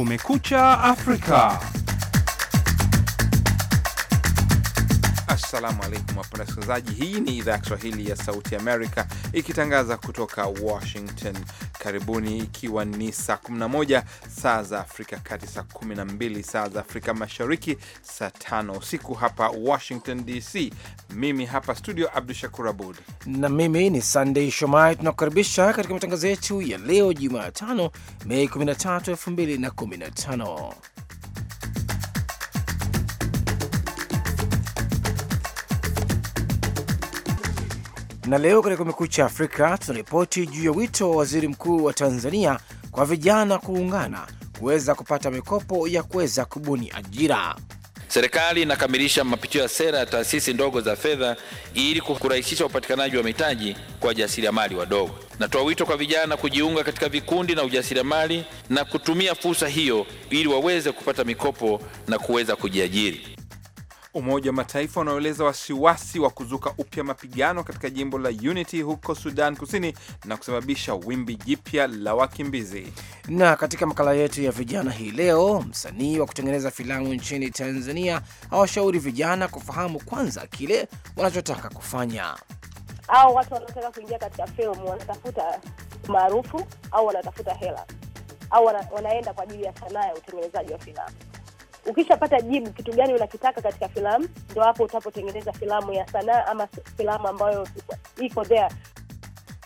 Kumekucha Afrika. Assalamu alaikum wapenda wasikilizaji, hii ni idhaa ya Kiswahili ya Sauti Amerika ikitangaza kutoka Washington. Karibuni, ikiwa ni saa 11 saa za Afrika Kati, saa 12 saa za Afrika Mashariki, saa tano usiku hapa Washington DC. Mimi hapa studio Abdu Shakur Abud na mimi ni sandey Shomai. Tunakukaribisha katika matangazo yetu ya leo Jumatano, Mei 13, 2015. Na leo katika Kumekucha Afrika tunaripoti juu ya wito wa waziri mkuu wa Tanzania kwa vijana kuungana kuweza kupata mikopo ya kuweza kubuni ajira. Serikali inakamilisha mapitio ya sera ya taasisi ndogo za fedha ili kurahisisha upatikanaji wa mitaji kwa wajasiriamali wadogo. Natoa wito kwa vijana kujiunga katika vikundi na ujasiriamali na kutumia fursa hiyo ili waweze kupata mikopo na kuweza kujiajiri. Umoja wa Mataifa unaoeleza wasiwasi wa kuzuka upya mapigano katika jimbo la Unity huko Sudan Kusini na kusababisha wimbi jipya la wakimbizi. Na katika makala yetu ya vijana hii leo, msanii wa kutengeneza filamu nchini Tanzania awashauri vijana kufahamu kwanza kile wanachotaka kufanya. Au watu wanaotaka kuingia katika filamu wanatafuta maarufu au wanatafuta hela au wana, wanaenda kwa ajili ya sanaa ya utengenezaji wa filamu ukishapata jibu kitu gani unakitaka katika filamu, ndo hapo utapotengeneza filamu ya sanaa ama filamu ambayo iko there.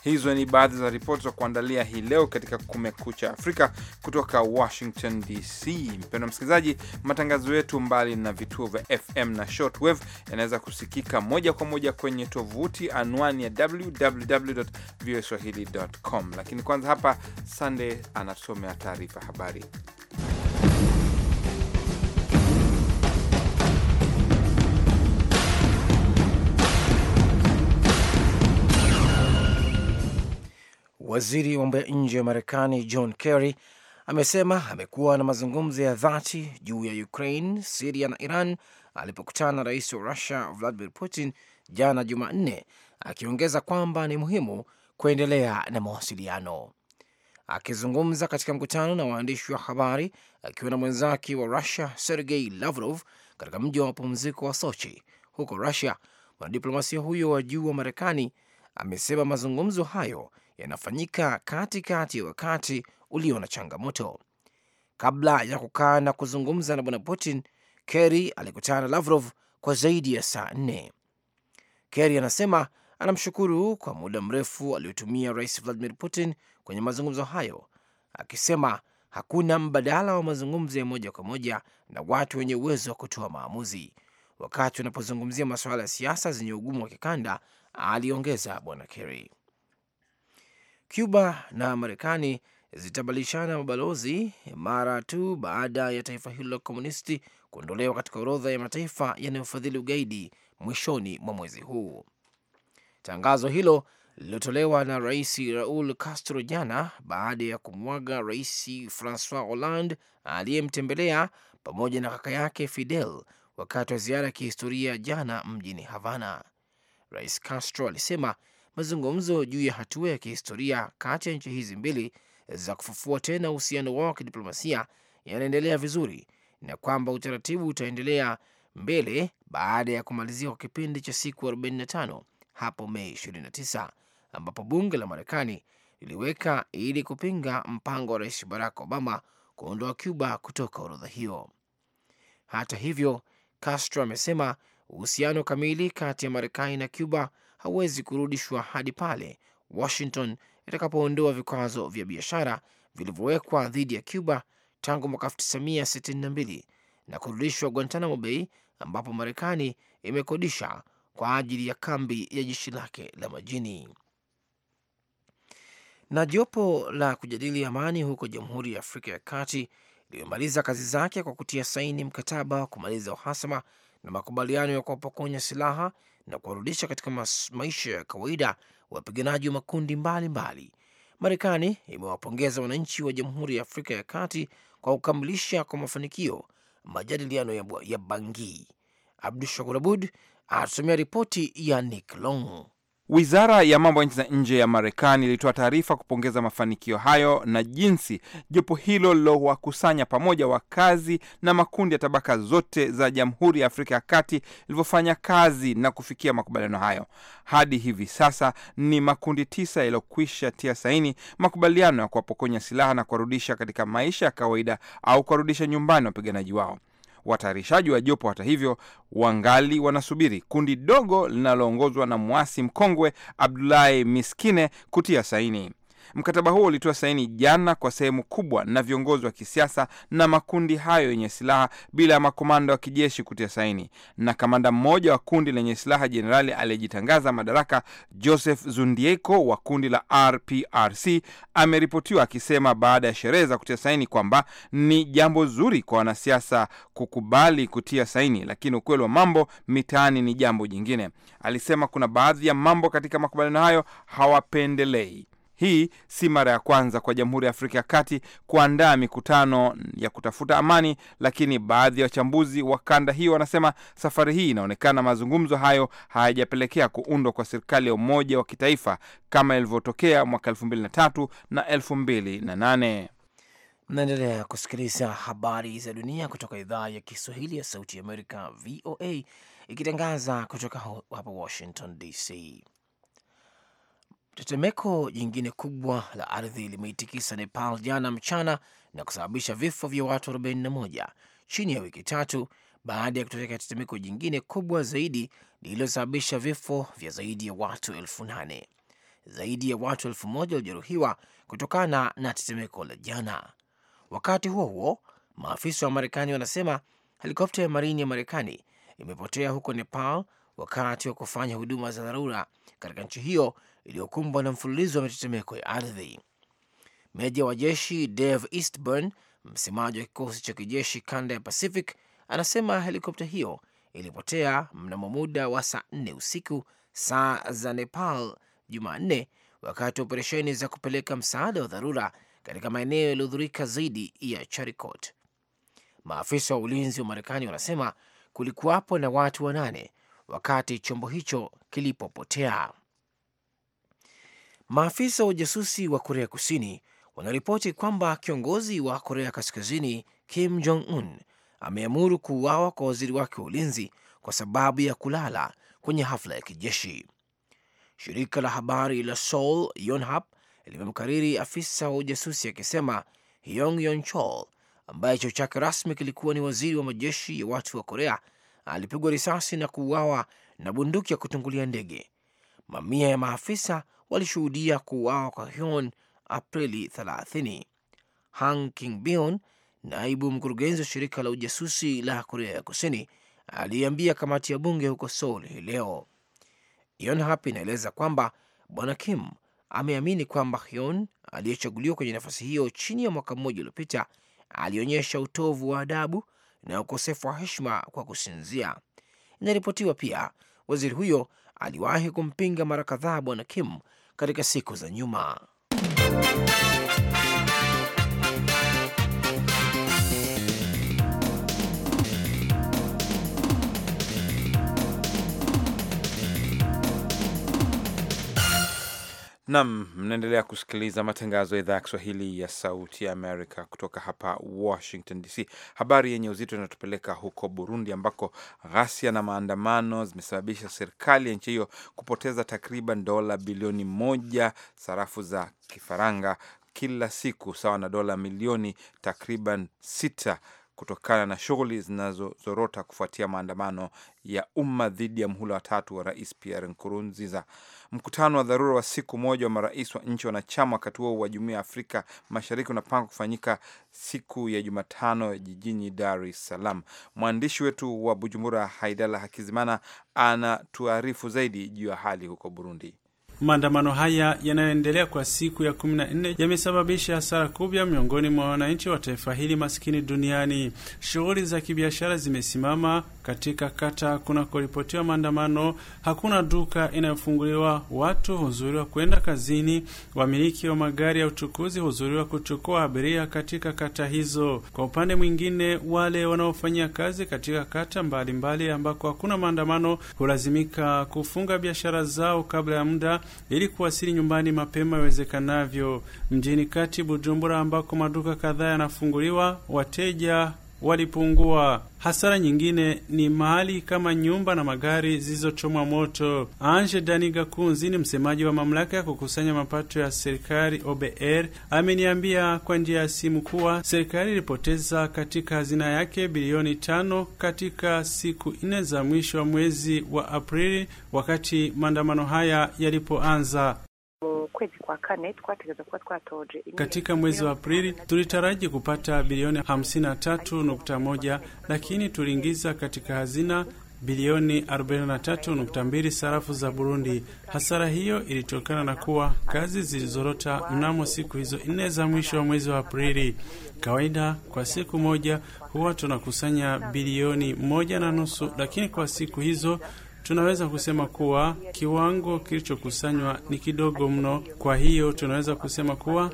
Hizo ni baadhi za ripoti za kuandalia hii leo katika Kumekucha Afrika kutoka Washington DC. Mpendwa msikilizaji, matangazo yetu mbali na vituo vya FM na shortwave yanaweza kusikika moja kwa moja kwenye tovuti anwani ya www.voaswahili.com. Lakini kwanza hapa, sandey anatusomea taarifa habari. Waziri wa mambo ya nje wa Marekani John Kerry amesema amekuwa na mazungumzo ya dhati juu ya Ukraine, Siria na Iran alipokutana na rais wa Russia Vladimir Putin jana Jumanne, akiongeza kwamba ni muhimu kuendelea na mawasiliano. Akizungumza katika mkutano na waandishi wa habari akiwa na mwenzake wa Russia Sergei Lavrov katika mji wa mapumziko wa Sochi huko Russia, mwanadiplomasia huyo wa juu wa Marekani amesema mazungumzo hayo yanafanyika katikati ya wakati ulio na changamoto. Kabla ya kukaa na kuzungumza na bwana Putin, Kerry alikutana na Lavrov kwa zaidi ya saa nne. Kerry anasema anamshukuru kwa muda mrefu aliotumia Rais Vladimir Putin kwenye mazungumzo hayo, akisema hakuna mbadala wa mazungumzo ya moja kwa moja na watu wenye uwezo wa kutoa maamuzi wakati wanapozungumzia masuala ya siasa zenye ugumu wa kikanda, aliongeza bwana Kerry. Cuba na Marekani zitabadilishana mabalozi mara tu baada ya taifa hilo la komunisti kuondolewa katika orodha ya mataifa yanayofadhili ugaidi mwishoni mwa mwezi huu. Tangazo hilo lililotolewa na Rais Raul Castro jana baada ya kumwaga Rais Francois Hollande aliyemtembelea pamoja na kaka yake Fidel wakati wa ziara ya kihistoria jana mjini Havana. Rais Castro alisema mazungumzo juu ya hatua ya kihistoria kati ya nchi hizi mbili za kufufua tena uhusiano wao wa kidiplomasia yanaendelea vizuri na kwamba utaratibu utaendelea mbele baada ya kumalizika kwa kipindi cha siku 45 hapo Mei 29 ambapo bunge la Marekani liliweka ili kupinga mpango wa Rais Barack Obama kuondoa Cuba kutoka orodha hiyo. Hata hivyo, Castro amesema uhusiano kamili kati ya Marekani na Cuba hauwezi kurudishwa hadi pale Washington itakapoondoa vikwazo vya biashara vilivyowekwa dhidi ya Cuba tangu mwaka 1962 na kurudishwa Guantanamo Bay ambapo Marekani imekodisha kwa ajili ya kambi ya jeshi lake la majini. Na jopo la kujadili amani huko Jamhuri ya Afrika ya Kati limemaliza kazi zake kwa kutia saini mkataba wa kumaliza uhasama na makubaliano ya kuwapokonya silaha na kuwarudisha katika maisha ya kawaida wapiganaji wa makundi mbalimbali. Marekani imewapongeza wananchi wa Jamhuri ya Afrika ya Kati kwa kukamilisha kwa mafanikio majadiliano ya, ya Bangui. Abdu Shakur Abud anatusomea ripoti ya Nick Long. Wizara ya mambo ya nchi za nje ya Marekani ilitoa taarifa kupongeza mafanikio hayo na jinsi jopo hilo lilowakusanya pamoja wakazi na makundi ya tabaka zote za Jamhuri ya Afrika ya Kati ilivyofanya kazi na kufikia makubaliano hayo. Hadi hivi sasa ni makundi tisa yaliyokwisha tia saini makubaliano ya kuwapokonya silaha na kuwarudisha katika maisha ya kawaida au kuwarudisha nyumbani wapiganaji wao. Watayarishaji wa jopo, hata hivyo, wangali wanasubiri kundi dogo linaloongozwa na mwasi mkongwe Abdulahi Miskine kutia saini. Mkataba huo ulitoa saini jana kwa sehemu kubwa na viongozi wa kisiasa na makundi hayo yenye silaha bila ya makomanda wa kijeshi kutia saini. Na kamanda mmoja wa kundi lenye silaha, jenerali aliyejitangaza madaraka Joseph Zundieko wa kundi la RPRC ameripotiwa akisema baada ya sherehe za kutia saini kwamba ni jambo zuri kwa wanasiasa kukubali kutia saini, lakini ukweli wa mambo mitaani ni jambo jingine. Alisema kuna baadhi ya mambo katika makubaliano hayo hawapendelei. Hii si mara ya kwanza kwa Jamhuri ya Afrika ya Kati kuandaa mikutano ya kutafuta amani, lakini baadhi ya wachambuzi wa kanda hiyo wanasema safari hii inaonekana mazungumzo hayo hayajapelekea kuundwa kwa serikali ya umoja wa kitaifa kama ilivyotokea mwaka mbili na nane. Mnaendelea kusikiliza habari za dunia kutoka idhaa ya Kiswahili ya Sauti ya Amerika, VOA, ikitangaza kutoka hapa Washington DC. Tetemeko jingine kubwa la ardhi limeitikisa Nepal jana mchana na kusababisha vifo vya watu 41 chini ya wiki tatu baada ya kutokea tetemeko jingine kubwa zaidi lililosababisha vifo vya zaidi ya watu elfu nane. Zaidi ya watu elfu moja walijeruhiwa kutokana na tetemeko la jana. Wakati huo huo, maafisa wa Marekani wanasema helikopta ya marini ya Marekani imepotea huko Nepal wakati wa kufanya huduma za dharura katika nchi hiyo iliyokumbwa na mfululizo wa mitetemeko ya ardhi. Meja wa jeshi Dave Eastburn, msemaji wa kikosi cha kijeshi kanda ya Pacific, anasema helikopta hiyo ilipotea mnamo muda wa saa nne usiku saa za Nepal Jumanne, wakati wa operesheni za kupeleka msaada wa dharura katika maeneo yaliyodhurika zaidi ya Charikot. Maafisa wa ulinzi wa Marekani wanasema kulikuwapo na watu wanane wakati chombo hicho kilipopotea. Maafisa wa ujasusi wa Korea Kusini wanaripoti kwamba kiongozi wa Korea Kaskazini Kim Jong Un ameamuru kuuawa kwa waziri wake wa ulinzi kwa sababu ya kulala kwenye hafla ya kijeshi. Shirika la habari la Seoul Yonhap limemkariri afisa wa ujasusi akisema Hyong Yon Chol ambaye cheo chake rasmi kilikuwa ni waziri wa majeshi ya watu wa Korea alipigwa risasi na kuuawa na bunduki ya kutungulia ndege. Mamia ya maafisa walishuhudia kuuawa kwa Hyon Aprili 30. Hang Bion, naibu mkurugenzi wa shirika la ujasusi la Korea ya Kusini, aliambia kamati ya bunge huko Seoul hii leo. Yonhap inaeleza kwamba bwana Kim ameamini kwamba Hyon aliyechaguliwa kwenye nafasi hiyo chini ya mwaka mmoja uliopita alionyesha utovu wa adabu na ukosefu wa heshima kwa kusinzia. Inaripotiwa pia waziri huyo aliwahi kumpinga mara kadhaa bwana Kim katika siku za nyuma. Nam, mnaendelea kusikiliza matangazo ya idhaa ya Kiswahili ya Sauti ya Amerika kutoka hapa Washington DC. Habari yenye uzito inatupeleka huko Burundi, ambako ghasia na maandamano zimesababisha serikali ya nchi hiyo kupoteza takriban dola bilioni moja sarafu za kifaranga kila siku, sawa na dola milioni takriban sita kutokana na shughuli zinazozorota kufuatia maandamano ya umma dhidi ya mhula watatu wa rais Pierre Nkurunziza. Mkutano wa dharura wa siku moja wa marais wa nchi wanachama wakati huo wa Jumuiya ya Afrika Mashariki unapanga kufanyika siku ya Jumatano jijini Dar es Salaam. Mwandishi wetu wa Bujumbura, Haidala Hakizimana, anatuarifu zaidi juu ya hali huko Burundi. Maandamano haya yanayoendelea kwa siku ya 14 yamesababisha hasara kubwa miongoni mwa wananchi wa taifa hili maskini duniani. Shughuli za kibiashara zimesimama katika kata kunakoripotiwa maandamano. Hakuna duka inayofunguliwa, watu huzuriwa kwenda kazini, wamiliki wa magari ya uchukuzi huzuriwa kuchukua abiria katika kata hizo. Kwa upande mwingine, wale wanaofanyia kazi katika kata mbalimbali ambako hakuna maandamano hulazimika kufunga biashara zao kabla ya muda ili kuwasili nyumbani mapema iwezekanavyo. Mjini kati Bujumbura, ambako maduka kadhaa yanafunguliwa, wateja walipungua. Hasara nyingine ni mali kama nyumba na magari zilizochomwa moto. Ange dani gakunzi ni msemaji wa mamlaka ya kukusanya mapato ya serikali OBR, ameniambia kwa njia ya simu kuwa serikali ilipoteza katika hazina yake bilioni tano katika siku nne za mwisho wa mwezi wa Aprili wakati maandamano haya yalipoanza kwezi kwa kane twategeza kuba twatoje. Katika mwezi wa Aprili tulitaraji kupata bilioni 53.1 lakini tuliingiza katika hazina bilioni 43.2 sarafu za Burundi. Hasara hiyo ilitokana na kuwa kazi zilizorota mnamo siku hizo nne za mwisho wa mwezi wa Aprili. Kawaida kwa siku moja huwa tunakusanya bilioni moja na nusu, lakini kwa siku hizo tunaweza kusema kuwa kiwango kilichokusanywa ni kidogo mno. Kwa hiyo tunaweza kusema kuwa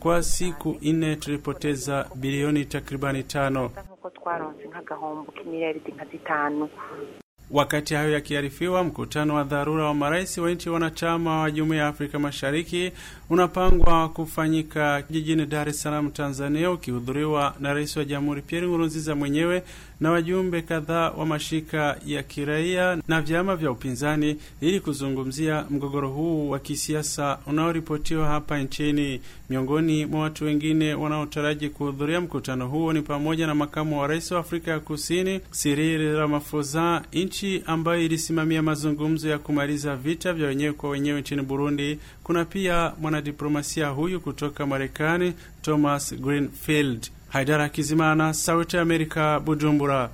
kwa siku nne tulipoteza bilioni takribani tano. Wakati hayo yakiarifiwa, mkutano wa dharura wa marais wa nchi wanachama wa jumuiya ya Afrika Mashariki unapangwa kufanyika jijini Dar es Salaam, Tanzania, ukihudhuriwa na rais wa jamhuri Pierre Nkurunziza mwenyewe na wajumbe kadhaa wa mashirika ya kiraia na vyama vya upinzani ili kuzungumzia mgogoro huu wa kisiasa unaoripotiwa hapa nchini. Miongoni mwa watu wengine wanaotaraji kuhudhuria mkutano huo ni pamoja na makamu wa rais wa Afrika ya Kusini Cyril Ramaphosa, nchi ambayo ilisimamia mazungumzo ya kumaliza vita vya wenyewe kwa wenyewe nchini Burundi. Kuna pia mwanadiplomasia huyu kutoka Marekani Thomas Greenfield. Haidara Kizimana, Sauti Amerika, Bujumbura.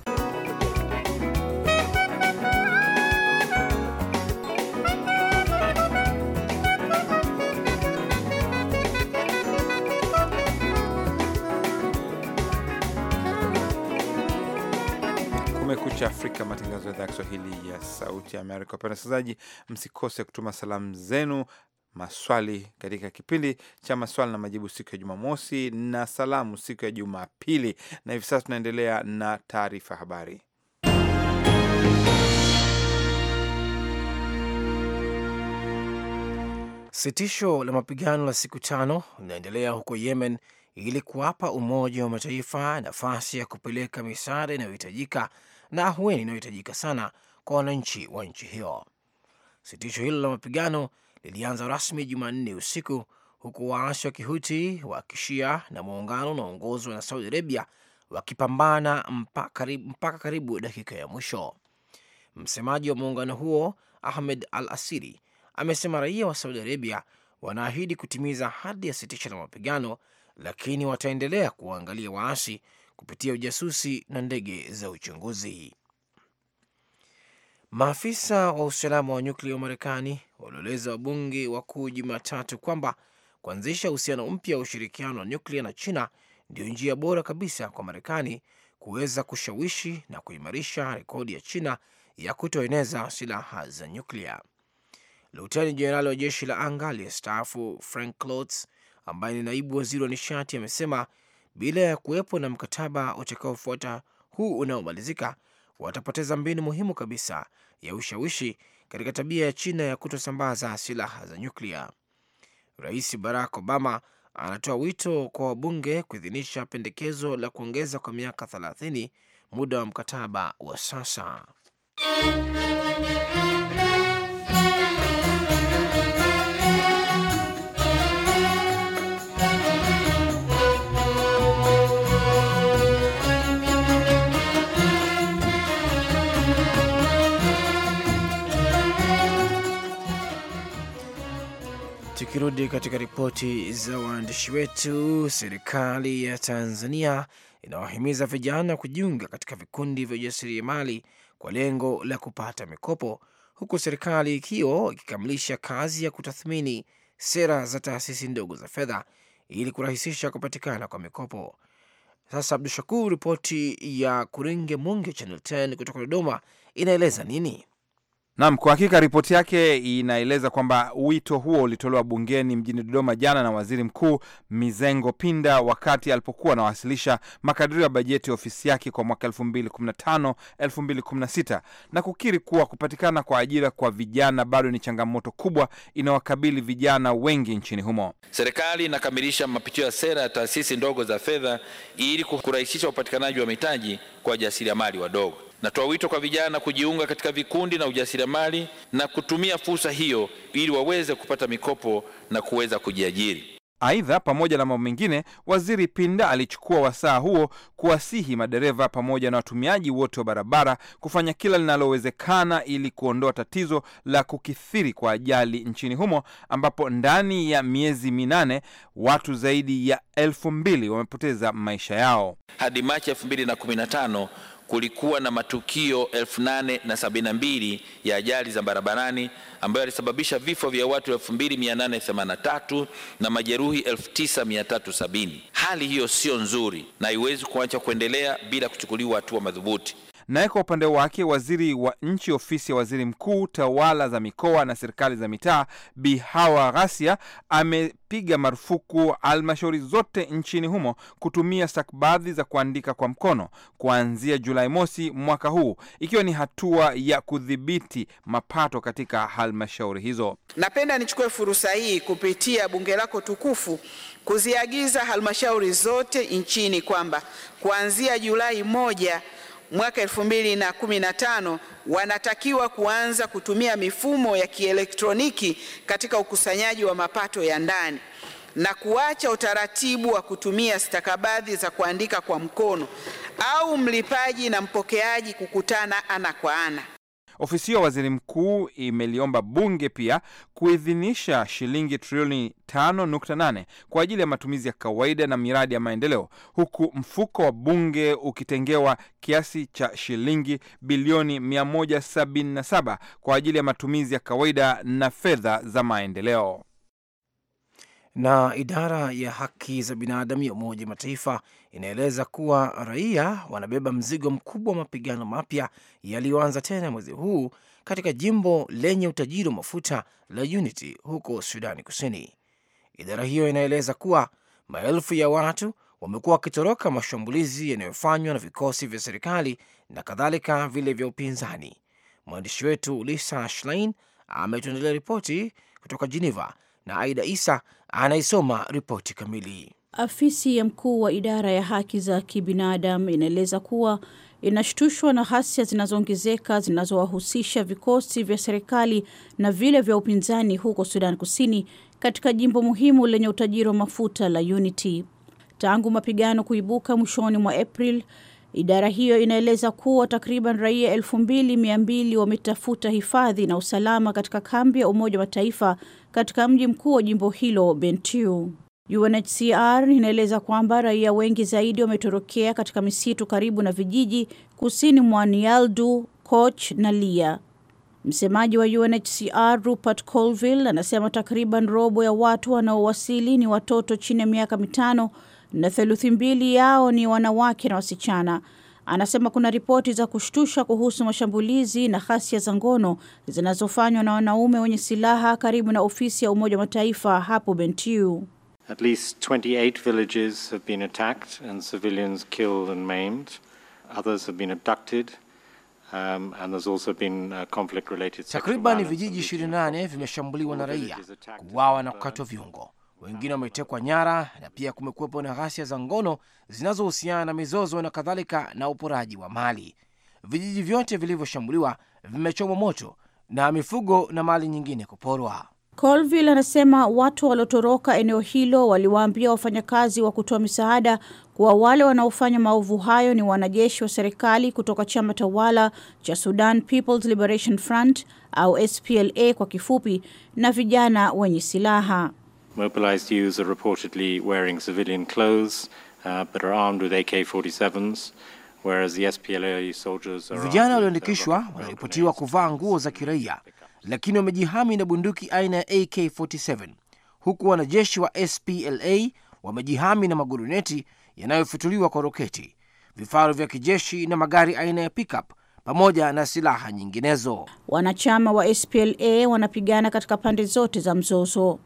Kumekucha Afrika, matangazo ya idhaa ya Kiswahili ya Sauti ya Amerika. Wapenda wasikilizaji, msikose kutuma salamu zenu maswali katika kipindi cha maswali na majibu siku ya Jumamosi na salamu siku ya Jumapili. Na hivi sasa tunaendelea na taarifa habari. Sitisho la mapigano la siku tano linaendelea huko Yemen ili kuwapa Umoja wa Mataifa nafasi ya kupeleka misaada inayohitajika na ahueni inayohitajika sana kwa wananchi wa nchi hiyo. Sitisho hilo la mapigano lilianza rasmi Jumanne usiku huku waasi wa Kihuti wa Kishia na muungano unaoongozwa na Saudi Arabia wakipambana mpaka karibu, mpaka karibu dakika ya mwisho. Msemaji wa muungano huo Ahmed Al Asiri amesema raia wa Saudi Arabia wanaahidi kutimiza hadi ya sitisho la mapigano, lakini wataendelea kuwaangalia waasi kupitia ujasusi na ndege za uchunguzi. Maafisa wa usalama wa nyuklia wa Marekani walieleza wabunge wakuu Jumatatu kwamba kuanzisha uhusiano mpya wa ushirikiano wa nyuklia na China ndiyo njia bora kabisa kwa Marekani kuweza kushawishi na kuimarisha rekodi ya China ya kutoeneza silaha za nyuklia. Luteni Jenerali wa jeshi la anga aliyestaafu Frank Cloutz, ambaye ni naibu waziri wa nishati, amesema bila ya kuwepo na mkataba utakaofuata huu unaomalizika, watapoteza mbinu muhimu kabisa ya ushawishi katika tabia ya China ya kutosambaza silaha za nyuklia. Rais Barack Obama anatoa wito kwa wabunge kuidhinisha pendekezo la kuongeza kwa miaka 30 muda wa mkataba wa sasa. Tukirudi katika ripoti za waandishi wetu, serikali ya Tanzania inawahimiza vijana kujiunga katika vikundi vya ujasiriamali kwa lengo la kupata mikopo, huku serikali ikiwa ikikamilisha kazi ya kutathmini sera za taasisi ndogo za fedha ili kurahisisha kupatikana kwa mikopo. Sasa Abdu Shakur, ripoti ya Kurenge Mwonge Channel 10 kutoka Dodoma inaeleza nini? Naam, kwa hakika ripoti yake inaeleza kwamba wito huo ulitolewa bungeni mjini Dodoma jana na Waziri Mkuu Mizengo Pinda wakati alipokuwa anawasilisha makadirio ya bajeti ya ofisi yake kwa mwaka 2015 2016, na kukiri kuwa kupatikana kwa ajira kwa vijana bado ni changamoto kubwa inawakabili vijana wengi nchini humo. Serikali inakamilisha mapitio ya sera ya taasisi ndogo za fedha ili kurahisisha upatikanaji wa mitaji kwa wajasiriamali wadogo. Natoa wito kwa vijana kujiunga katika vikundi na ujasiriamali na kutumia fursa hiyo ili waweze kupata mikopo na kuweza kujiajiri. Aidha, pamoja na mambo mengine, waziri Pinda alichukua wasaa huo kuwasihi madereva pamoja na watumiaji wote wa barabara kufanya kila linalowezekana ili kuondoa tatizo la kukithiri kwa ajali nchini humo, ambapo ndani ya miezi minane watu zaidi ya elfu mbili wamepoteza maisha yao. Hadi Machi elfu mbili na kumi na tano kulikuwa na matukio na mbili ya ajali za barabarani ambayo yalisababisha vifo vya watu 2,883 na majeruhi 9,370. Hali hiyo sio nzuri na haiwezi kuacha kuendelea bila kuchukuliwa hatua madhubuti. Naye kwa upande wake waziri wa nchi ofisi ya waziri mkuu, tawala za mikoa na serikali za mitaa, bihawa Ghasia amepiga marufuku halmashauri zote nchini humo kutumia stakabadhi za kuandika kwa mkono kuanzia Julai mosi mwaka huu, ikiwa ni hatua ya kudhibiti mapato katika halmashauri hizo. Napenda nichukue fursa hii kupitia bunge lako tukufu kuziagiza halmashauri zote nchini kwamba kuanzia Julai moja mwaka 2015 wanatakiwa kuanza kutumia mifumo ya kielektroniki katika ukusanyaji wa mapato ya ndani na kuacha utaratibu wa kutumia stakabadhi za kuandika kwa mkono au mlipaji na mpokeaji kukutana ana kwa ana. Ofisi ya waziri mkuu imeliomba bunge pia kuidhinisha shilingi trilioni 5.8 kwa ajili ya matumizi ya kawaida na miradi ya maendeleo, huku mfuko wa bunge ukitengewa kiasi cha shilingi bilioni 177 kwa ajili ya matumizi ya kawaida na fedha za maendeleo. Na idara ya haki za binadamu ya Umoja Mataifa inaeleza kuwa raia wanabeba mzigo mkubwa wa mapigano mapya yaliyoanza tena mwezi huu katika jimbo lenye utajiri wa mafuta la Unity huko Sudani Kusini. Idara hiyo inaeleza kuwa maelfu ya watu wamekuwa wakitoroka mashambulizi yanayofanywa na vikosi vya serikali na kadhalika vile vya upinzani. Mwandishi wetu Lisa Schlein ametuandalia ripoti kutoka Geneva na Aida Isa anaisoma ripoti kamili. Afisi ya mkuu wa idara ya haki za kibinadamu inaeleza kuwa inashtushwa na ghasia zinazoongezeka zinazowahusisha vikosi vya serikali na vile vya upinzani huko Sudan Kusini, katika jimbo muhimu lenye utajiri wa mafuta la Unity. Tangu mapigano kuibuka mwishoni mwa April, idara hiyo inaeleza kuwa takriban raia elfu wametafuta hifadhi na usalama katika kambi ya Umoja wa Mataifa katika mji mkuu wa jimbo hilo Bentiu. UNHCR inaeleza kwamba raia wengi zaidi wametorokea katika misitu karibu na vijiji kusini mwa Nialdu, Koch na Lia. Msemaji wa UNHCR Rupert Colville anasema takriban robo ya watu wanaowasili ni watoto chini ya miaka mitano na theluthi mbili yao ni wanawake na wasichana. Anasema kuna ripoti za kushtusha kuhusu mashambulizi na ghasia za ngono zinazofanywa na wanaume wenye silaha karibu na ofisi ya Umoja wa Mataifa hapo Bentiu. At least 28 villages have been attacked and civilians killed and maimed. Others have been abducted. Um, and there's also been uh, conflict related takriban vijiji 28 vimeshambuliwa na raia kuwawa na kukatwa viungo, wengine wametekwa nyara, na pia kumekuwepo na ghasia za ngono zinazohusiana na mizozo na kadhalika na uporaji wa mali. Vijiji vyote vilivyoshambuliwa vimechomwa moto na mifugo na mali nyingine kuporwa. Colville anasema watu waliotoroka eneo hilo waliwaambia wafanyakazi wa kutoa misaada kuwa wale wanaofanya maovu hayo ni wanajeshi wa serikali kutoka chama tawala cha Sudan People's Liberation Front au SPLA kwa kifupi, na vijana wenye silaha. Mobilized youths are reportedly wearing civilian clothes, uh, but are armed with AK-47s. Whereas the SPLA soldiers are vijana walioandikishwa uh, wanaripotiwa kuvaa nguo za kiraia lakini wamejihami na bunduki aina ya AK47 huku wanajeshi wa SPLA wamejihami na maguruneti yanayofutuliwa kwa roketi, vifaru vya kijeshi na magari aina ya pickup pamoja na silaha nyinginezo. Wanachama wa SPLA wanapigana katika pande zote za mzozo.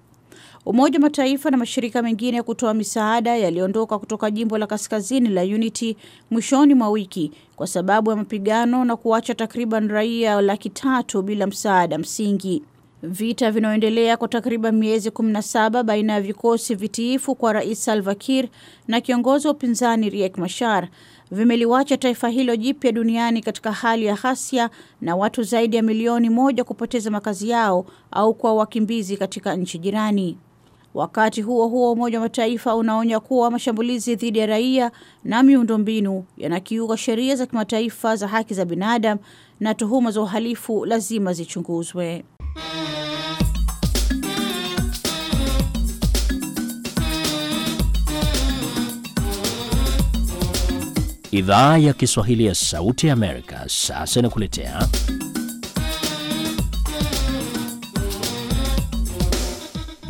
Umoja wa Mataifa na mashirika mengine ya kutoa misaada yaliondoka kutoka jimbo la kaskazini la Unity mwishoni mwa wiki kwa sababu ya mapigano na kuacha takriban raia laki tatu bila msaada msingi. Vita vinaoendelea kwa takriban miezi 17 baina ya vikosi vitiifu kwa Rais Salva Kiir na kiongozi wa upinzani Riek Machar vimeliwacha taifa hilo jipya duniani katika hali ya ghasia na watu zaidi ya milioni moja kupoteza makazi yao au kuwa wakimbizi katika nchi jirani. Wakati huo huo, Umoja wa Mataifa unaonya kuwa mashambulizi dhidi ya raia na miundombinu yanakiuka sheria za kimataifa za haki za binadamu na tuhuma za uhalifu lazima zichunguzwe. Idhaa ya Kiswahili ya Sauti ya Amerika sasa inakuletea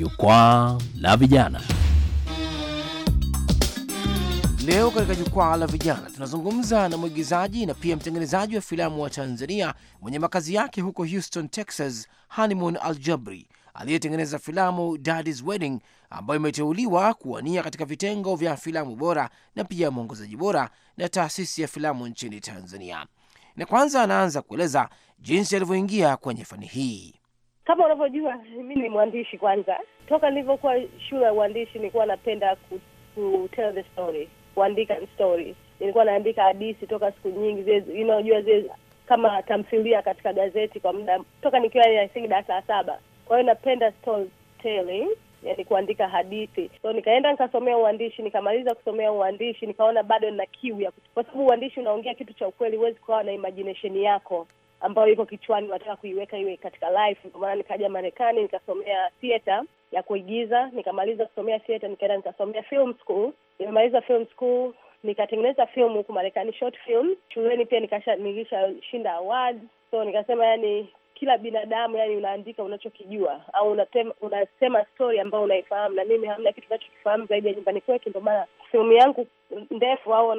Jukwaa la Vijana. Leo katika Jukwaa la Vijana tunazungumza na mwigizaji na pia mtengenezaji wa filamu wa Tanzania mwenye makazi yake huko Houston, Texas, Al Jabri aliyetengeneza filamu Daddy's Wedding ambayo imeteuliwa kuwania katika vitengo vya filamu bora na pia mwongozaji bora na taasisi ya filamu nchini Tanzania. Na kwanza anaanza kueleza jinsi alivyoingia kwenye fani hii. Kama unavyojua mi ni mwandishi kwanza, toka nilivyokuwa shule ya uandishi nilikuwa napenda ku, ku tell the story, kuandika story. Nilikuwa naandika hadithi toka siku nyingi inaojua zile kama tamthilia katika gazeti kwa muda toka nikiwa I darasa la saba. Kwa hiyo napenda storytelling, yani kuandika hadithi. So nikaenda nikasomea uandishi, nikamaliza kusomea uandishi, nikaona bado nina kiu ya, kwa sababu uandishi unaongea kitu cha ukweli, huwezi kukawa na imagination yako ambayo iko kichwani, nataka kuiweka iwe katika life Ndio maana nikaja Marekani nikasomea theater ya kuigiza, nikamaliza kusomea theater, nikaenda nikasomea film school. Nimemaliza film school nikatengeneza film huku Marekani, short film shuleni. Pia nikishashinda awards, so nikasema yani kila binadamu yani, unaandika unachokijua au unasema, unasema story ambayo unaifahamu, na mimi hamna kitu nachokifahamu zaidi ya nyumbani kwetu, ndio maana filmu yangu ndefu au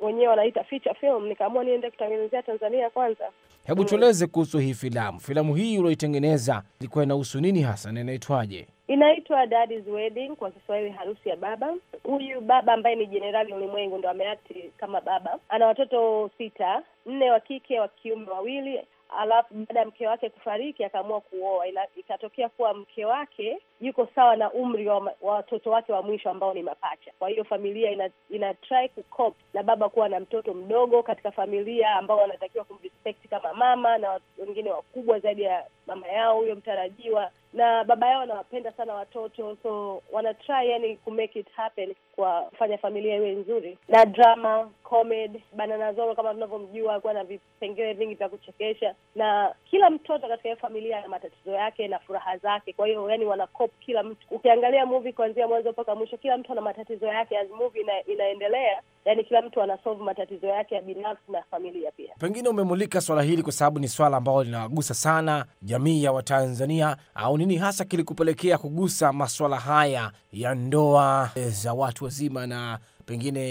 wenyewe wanaita feature film, nikaamua niende kutengenezea Tanzania kwanza. Hebu tueleze kuhusu hii filamu. Filamu hii ulioitengeneza ilikuwa inahusu nini hasa na inaitwaje? Inaitwa Daddy's Wedding, kwa Kiswahili harusi ya baba. Huyu baba ambaye ni Jenerali Ulimwengu ndo ameakti kama baba, ana watoto sita, nne wa kike, wa kiume wawili alafu baada ya mke wake kufariki akaamua kuoa, ila ikatokea kuwa mke wake yuko sawa na umri wa watoto wake wa mwisho ambao ni mapacha. Kwa hiyo familia ina, ina try kukop na baba kuwa na mtoto mdogo katika familia ambao wanatakiwa kumrespect kama mama na wengine wakubwa zaidi ya mama yao huyo mtarajiwa na baba yao anawapenda sana watoto, so try yani make it happen kwa kufanya familia iwe nzuri, na drama comedy. Banana Zoro kama tunavyomjua kuwa na vipengele vingi vya kuchekesha, na kila mtoto katika hiyo familia ana matatizo yake na furaha zake. Kwa hiyo yani wana cope kila mtu. Ukiangalia movie kuanzia mwanzo mpaka mwisho, kila mtu ana matatizo yake as movie ina, inaendelea, yani kila mtu anasolve matatizo yake ya binafsi na familia pia. Pengine umemulika swala hili kwa sababu ni swala ambalo linawagusa sana jamii ya Watanzania au nini hasa kilikupelekea kugusa maswala haya ya ndoa za watu wazima na pengine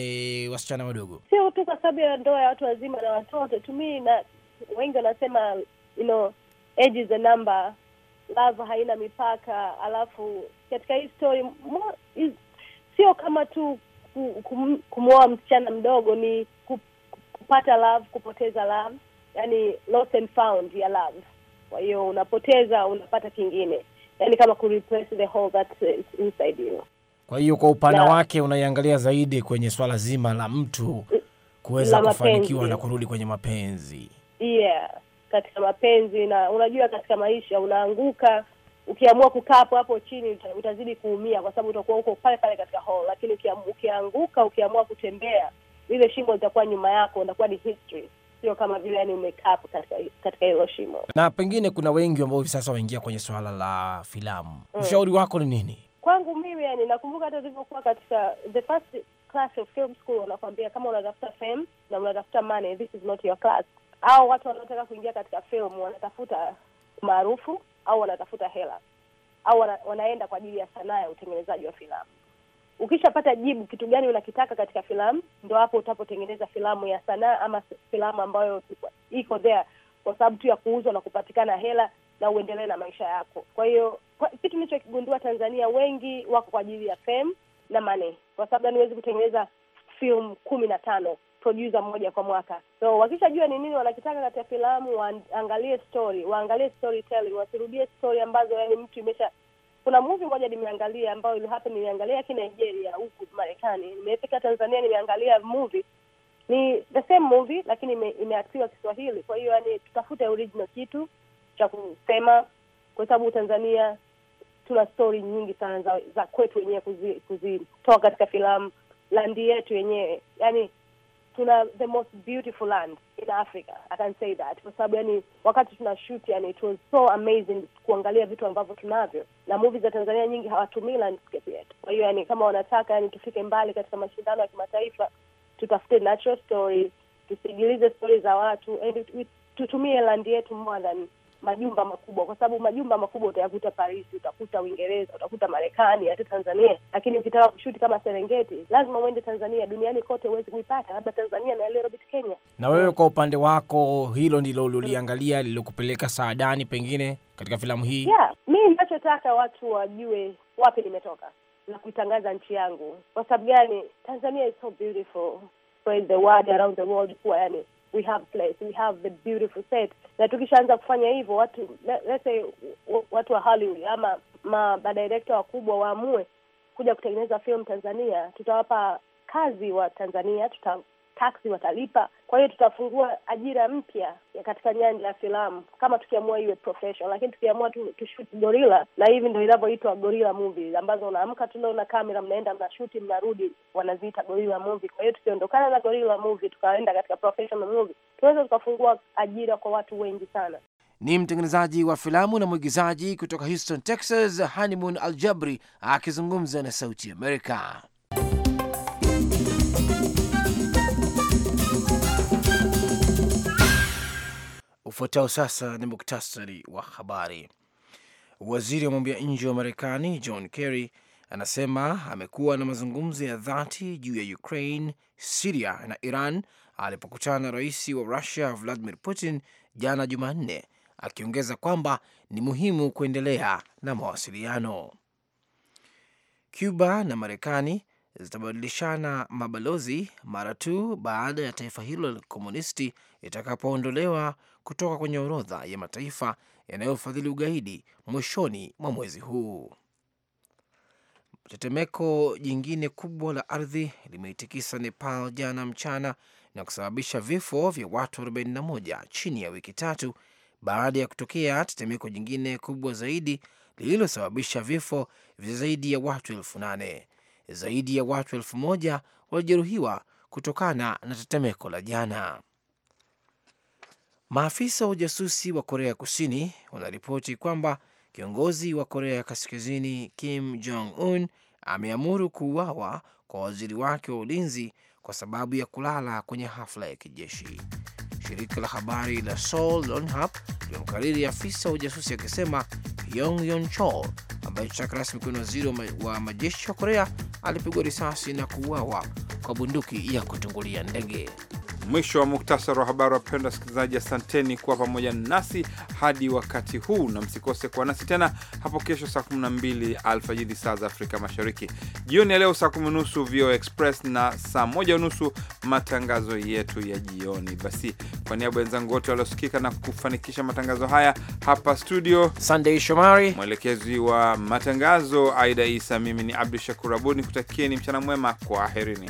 wasichana wadogo? Sio tu kwa sababu ya ndoa ya watu wazima na watoto tumi, na wengi wanasema you know, age is a number, love haina mipaka. Alafu katika hii story sio kama tu kum, kumwoa msichana mdogo, ni kupata love, kupoteza love, yani lost and found ya love kwa hiyo unapoteza, unapata kingine, yani kama ku replace the hole that is inside you. Kwa hiyo kwa upana na wake unaiangalia zaidi kwenye swala zima la mtu kuweza kufanikiwa na kurudi kwenye mapenzi, yeah, katika mapenzi. Na unajua katika maisha unaanguka ukiamua kukaa hapo hapo chini utazidi kuumia, kwa sababu utakuwa huko pale pale katika hole, lakini ukianguka, ukiamua kutembea, lile shingo litakuwa nyuma yako, itakuwa ni history sio kama vile yani umekaa katika hilo shimo. Na pengine kuna wengi ambao hivi sasa waingia kwenye suala la filamu mm. Ushauri wako ni nini? Kwangu mimi yani, nakumbuka hata ulivyokuwa katika the first class of film school, kama unatafuta fame na unatafuta money, this is not your class. Au watu wanaotaka kuingia katika film wanatafuta maarufu au wanatafuta hela au wana, wanaenda kwa ajili ya sanaa ya utengenezaji wa filamu ukishapata jibu kitu gani unakitaka katika filamu, ndo hapo utapotengeneza filamu ya sanaa ama filamu ambayo iko there kwa sababu tu ya kuuzwa na kupatikana hela na uendelee na maisha yako. Kwa hiyo kitu nilichokigundua, Tanzania wengi wako kwa ajili ya fame na money, kwa sababu niwezi kutengeneza film kumi na tano produsa mmoja kwa mwaka. So wakishajua ni nini wanakitaka katika filamu, waangalie story, waangalie storytelling, wasirudie story ambazo yani mtu imesha kuna muvi moja nimeangalia ambayo hapa nimeangalia kinigeria Nigeria, huku Marekani, nimefika Tanzania nimeangalia muvi ni the same movie lakini imeaktiwa Kiswahili. Kwa hiyo yani, tutafute original kitu cha kusema, kwa sababu Tanzania tuna stori nyingi sana za, za kwetu wenyewe kuzitoa kuzi, katika filamu landi yetu yenyewe yani tuna the most beautiful land in Africa. I can say that kwa sababu yani, wakati tuna shoot yani, it was so amazing kuangalia vitu ambavyo tunavyo, na movies za Tanzania nyingi hawatumii landscape yetu. Kwa hiyo yani, kama wanataka yani, tufike mbali katika mashindano ya kimataifa, tutafute natural stories, tusigilize stori za watu and tutumie land yetu more than majumba makubwa, kwa sababu majumba makubwa utayakuta Paris, utakuta Uingereza, utakuta Marekani, hata Tanzania. Lakini ukitaka kushuti kama Serengeti lazima uende Tanzania. Duniani kote huwezi kuipata, labda Tanzania na Nairobi, Kenya. Na wewe kwa upande wako, hilo ndilo uliangalia lilokupeleka saadani pengine katika filamu hii? Yeah, mi ninachotaka watu wajue wapi nimetoka na kuitangaza nchi yangu. Kwa sababu gani? Tanzania is so beautiful, spread the word around the world kuwa yani we have place, we have the beautiful set. Na tukishaanza kufanya hivyo, watu let's say watu wa Hollywood ama madirekta wakubwa waamue kuja kutengeneza film Tanzania, tutawapa kazi wa Tanzania tuta taksi watalipa. Kwa hiyo tutafungua ajira mpya katika nyanja ya filamu kama tukiamua iwe professional, lakini tukiamua tu tushuti gorila, na hivi ndo inavyoitwa gorila movies, ambazo unaamka tu leo na kamera, mnaenda mnashuti, mnarudi, wanaziita gorila movie. Kwa hiyo tukiondokana na gorila movie tukaenda katika professional movie, tunaweza tukafungua ajira kwa watu wengi sana. Ni mtengenezaji wa filamu na mwigizaji kutoka Houston, Texas, Hanimun Aljabri akizungumza na Sauti Amerika. Ufuatao sasa ni muktasari wa habari. Waziri wa mambo ya nje wa Marekani John Kerry anasema amekuwa na mazungumzo ya dhati juu ya Ukraine, Siria na Iran alipokutana na rais wa Rusia Vladimir Putin jana Jumanne, akiongeza kwamba ni muhimu kuendelea na mawasiliano. Cuba na Marekani zitabadilishana mabalozi mara tu baada ya taifa hilo la kikomunisti itakapoondolewa kutoka kwenye orodha ya mataifa yanayofadhili ugaidi mwishoni mwa mwezi huu. Tetemeko jingine kubwa la ardhi limeitikisa Nepal jana mchana na kusababisha vifo vya watu 41 chini ya wiki tatu baada ya kutokea tetemeko jingine kubwa zaidi lililosababisha vifo vya zaidi ya watu elfu nane. Zaidi ya watu elfu moja walijeruhiwa kutokana na tetemeko la jana. Maafisa wa ujasusi wa Korea Kusini wanaripoti kwamba kiongozi wa Korea Kaskazini Kim Jong Un ameamuru kuuawa kwa waziri wake wa ulinzi kwa sababu ya kulala kwenye hafla ya kijeshi. Shirika la habari la Seoul Yonhap limemkariri afisa wa ujasusi akisema Yong Yon Chol ambaye chaka rasmi kiwa waziri wa majeshi wa Korea alipigwa risasi na kuuawa kwa bunduki ya kutungulia ndege. Mwisho wa muktasari wa habari. Wapenda wasikilizaji, asanteni kuwa pamoja nasi hadi wakati huu, na msikose kuwa nasi tena hapo kesho saa 12 alfajiri saa za Afrika Mashariki. Jioni ya leo saa kumi nusu VOA Express na saa moja nusu matangazo yetu ya jioni. Basi, kwa niaba wenzangu wote waliosikika na kufanikisha matangazo haya hapa studio, Sunday Shomari mwelekezi wa matangazo, Aida Isa, mimi ni Abdu Shakur Abud nikutakieni mchana mwema, kwa aherini